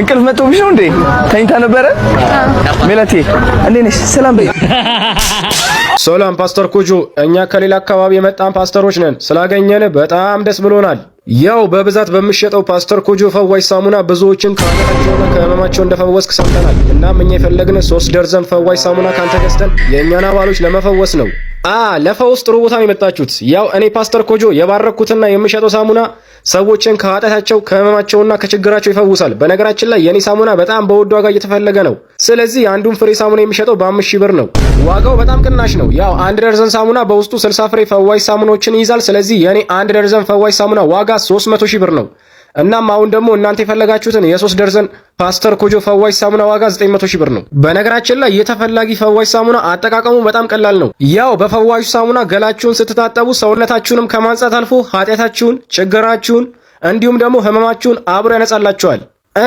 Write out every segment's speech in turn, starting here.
እንቅልፍ መጥቶብሽ ነው እንዴ? ተኝታ ነበረ? ሜላቴ እንዴ ነሽ? ሰላም በይ። ሰላም ፓስተር ኩጁ፣ እኛ ከሌላ አካባቢ የመጣን ፓስተሮች ነን። ስላገኘን በጣም ደስ ብሎናል። ያው በብዛት በሚሸጠው ፓስተር ኩጁ ፈዋሽ ሳሙና ብዙዎችን ከአመታቸውና ከህመማቸው እንደፈወስክ ሰምተናል። እናም እኛ የፈለግን ሶስት ደርዘን ፈዋሽ ሳሙና ካንተ ገዝተን የእኛን አባሎች ለመፈወስ ነው። አ ለፈውስ ጥሩ ቦታ የመጣችሁት። ያው እኔ ፓስተር ኮጆ የባረኩትና የምሸጠው ሳሙና ሰዎችን ከኃጢአታቸው ከህመማቸውና ከችግራቸው ይፈውሳል። በነገራችን ላይ የኔ ሳሙና በጣም በውድ ዋጋ እየተፈለገ ነው። ስለዚህ አንዱን ፍሬ ሳሙና የሚሸጠው በአምስት ሺህ ብር ነው። ዋጋው በጣም ቅናሽ ነው። ያው አንድ ደርዘን ሳሙና በውስጡ 60 ፍሬ ፈዋሽ ሳሙናዎችን ይይዛል። ስለዚህ የኔ አንድ ደርዘን ፈዋሽ ሳሙና ዋጋ 300 ሺህ ብር ነው። እናም አሁን ደግሞ እናንተ የፈለጋችሁትን የሶስት ደርዘን ፓስተር ኮጆ ፈዋሽ ሳሙና ዋጋ 900 ሺህ ብር ነው። በነገራችን ላይ የተፈላጊ ፈዋሽ ሳሙና አጠቃቀሙ በጣም ቀላል ነው። ያው በፈዋሹ ሳሙና ገላችሁን ስትታጠቡ ሰውነታችሁንም ከማንጻት አልፎ ኃጢአታችሁን፣ ችግራችሁን እንዲሁም ደግሞ ህመማችሁን አብሮ ያነጻላችኋል።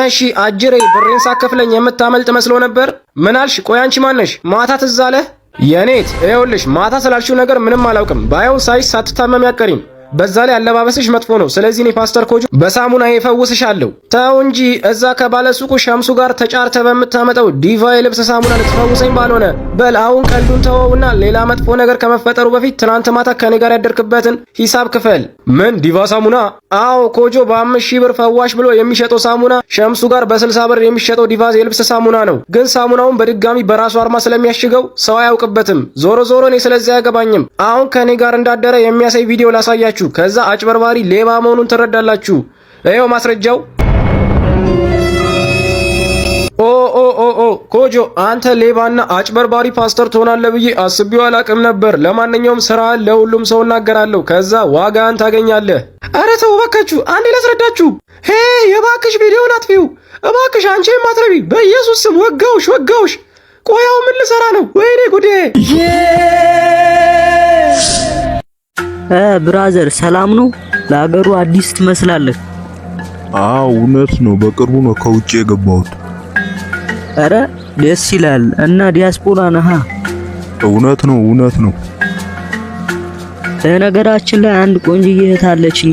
እሺ አጅሬ ብሬን ሳከፍለኝ የምታመልጥ መስሎ ነበር። ምን አልሽ? ቆይ አንቺ ማነሽ? ማታ ትዝ አለህ የኔት? ይኸውልሽ ማታ ስላልሽው ነገር ምንም አላውቅም። ባየው ሳይሽ ሳትታመም ያቀሪም በዛ ላይ አለባበስሽ መጥፎ ነው። ስለዚህ እኔ ፓስተር ኮጆ በሳሙና ይፈውስሻለሁ። ተው እንጂ እዛ ከባለሱቁ ሸምሱ ጋር ተጫርተ በምታመጣው ዲቫ የልብስ ሳሙና ልትፈውሰኝ ባልሆነ። በል አሁን ቀልዱን ተወውና ሌላ መጥፎ ነገር ከመፈጠሩ በፊት ትናንት ማታ ከኔ ጋር ያደርክበትን ሂሳብ ክፈል። ምን ዲቫ ሳሙና? አዎ ኮጆ በአምስት ሺህ ብር ፈዋሽ ብሎ የሚሸጠው ሳሙና ሸምሱ ጋር በስልሳ ብር የሚሸጠው ዲቫ የልብስ ሳሙና ነው። ግን ሳሙናውን በድጋሚ በራሱ አርማ ስለሚያሽገው ሰው አያውቅበትም። ዞሮ ዞሮ እኔ ስለዚህ አያገባኝም። አሁን ከኔ ጋር እንዳደረ የሚያሳይ ቪዲዮ ላሳያችሁ። ታውቃላችሁ። ከዛ አጭበርባሪ ሌባ መሆኑን ትረዳላችሁ። ይኸው ማስረጃው። ኦ ኦ ኦ ኦ ኮጆ አንተ ሌባና አጭበርባሪ ፓስተር ትሆናለህ ብዬ አስቤው አላቅም ነበር። ለማንኛውም ስራህን ለሁሉም ሰው እናገራለሁ፣ ከዛ ዋጋህን ታገኛለህ። አረ ተው እባካችሁ፣ አንዴ ላስረዳችሁ። ሄ የባክሽ ቪዲዮውን አጥፊው እባክሽ፣ አንቺ ማትረቢ በኢየሱስ ስም ወጋውሽ፣ ወጋውሽ። ቆያው ምን ልሰራ ነው? ወይኔ ጉዴ ብራዘር ሰላም ነው? ለሀገሩ አዲስ ትመስላለህ። አዎ እውነት ነው። በቅርቡ ነው ከውጭ የገባሁት። አረ ደስ ይላል። እና ዲያስፖራ ነህ? እውነት ነው፣ እውነት ነው። በነገራችን ላይ አንድ ቆንጅዬ እህት አለችኝ፣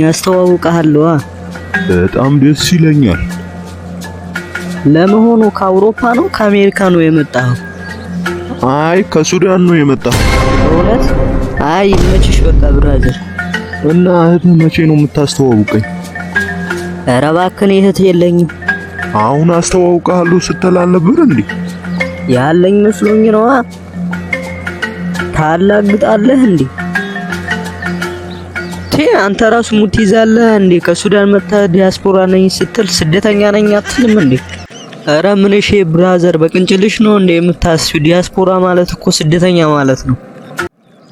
በጣም ደስ ይለኛል። ለመሆኑ ከአውሮፓ ነው ከአሜሪካ ነው የመጣኸው? አይ ከሱዳን ነው የመጣሁ። እውነት አይ ይመችሽ፣ በቃ ብራዘር። እና እህት መቼ ነው የምታስተዋውቀኝ? ኧረ እባክህ እህት የለኝም። አሁን አስተዋውቀሃለሁ ስትል አልነበር እንዴ? ያለኝ መስሎኝ ነዋ። ታላግጣለህ እንዴ? አንተ ራሱ ሙት ይዛለህ እንዴ? ከሱዳን መጣ ዲያስፖራ ነኝ ስትል ስደተኛ ነኝ አትልም እንዴ? ኧረ ምን እሺ ብራዘር፣ በቅንጭልሽ ነው እንዴ የምታስቢው? ዲያስፖራ ማለት እኮ ስደተኛ ማለት ነው።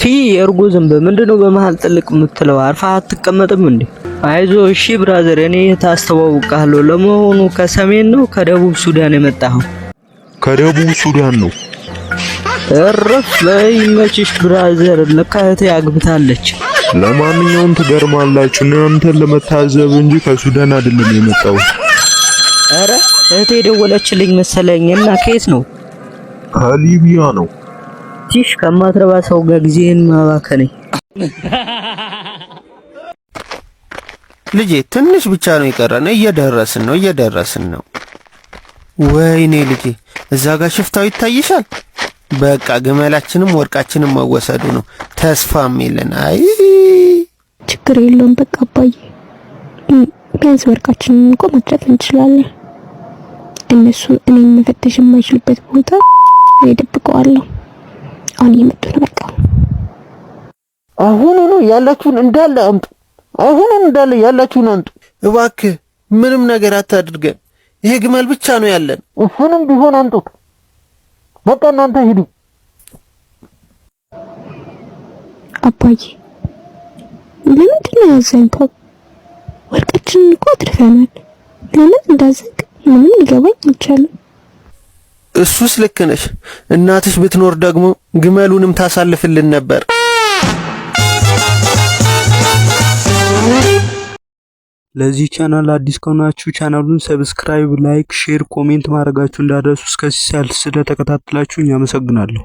ቲ የእርጎ ዘንበ ምንድነው? በመሃል ጥልቅ የምትለው አርፋ አትቀመጥም እንዴ? አይዞ እሺ ብራዘር፣ እኔ ታስተዋውቃለሁ። ለመሆኑ ከሰሜን ነው ከደቡብ ሱዳን የመጣኸው? ከደቡብ ሱዳን ነው። እረፍ በይ መችሽ ብራዘር፣ ለካ እህቴ አግብታለች። ለማንኛውም ትገርማላችሁ። እናንተን ለመታዘብ እንጂ ከሱዳን አይደለም የመጣው። አረ እህቴ የደወለችልኝ መሰለኝ። እና ከየት ነው? ከሊቢያ ነው። ቲሽ ከማትረባ ሰው ጋር ጊዜህን ማባከን ልጄ ትንሽ ብቻ ነው የቀረን። እየደረስን ነው እየደረስን ነው። ወይኔ ልጄ እዛ ጋር ሽፍታው ይታይሻል። በቃ ግመላችንም ወርቃችንም መወሰዱ ነው። ተስፋም የለን። አይ ችግር የለውም። በቃ አባዬ ቢያንስ ወርቃችንን እንኳ ማድረግ እንችላለን። እነሱ እኔን መፈተሽ የማይችልበት ቦታ እኔ ደብቀዋለሁ። አሁን እየመጡ ነው። በቃ ነው ያላችሁን እንዳለ አምጡ። አሁን እንዳለ ያላችሁን አምጡ። እባክህ ምንም ነገር አታድርገን። ይሄ ግመል ብቻ ነው ያለን። እሱንም ቢሆን አምጡት። በቃ እናንተ ሂዱ። አባዬ ለምንድን ነው ያዘንከው? ወርቃችንን እኮ አትርፈናል። ለምን እንዳዘንክ ምንም ሊገባኝ አልቻለም። እሱስ ልክ ነሽ። እናትሽ ብትኖር ደግሞ ግመሉንም ታሳልፍልን ነበር። ለዚህ ቻናል አዲስ ከሆናችሁ ቻናሉን ሰብስክራይብ፣ ላይክ፣ ሼር፣ ኮሜንት ማድረጋችሁ እንዳደረሱ እስከ ሲሳል ስለተከታተላችሁ አመሰግናለሁ።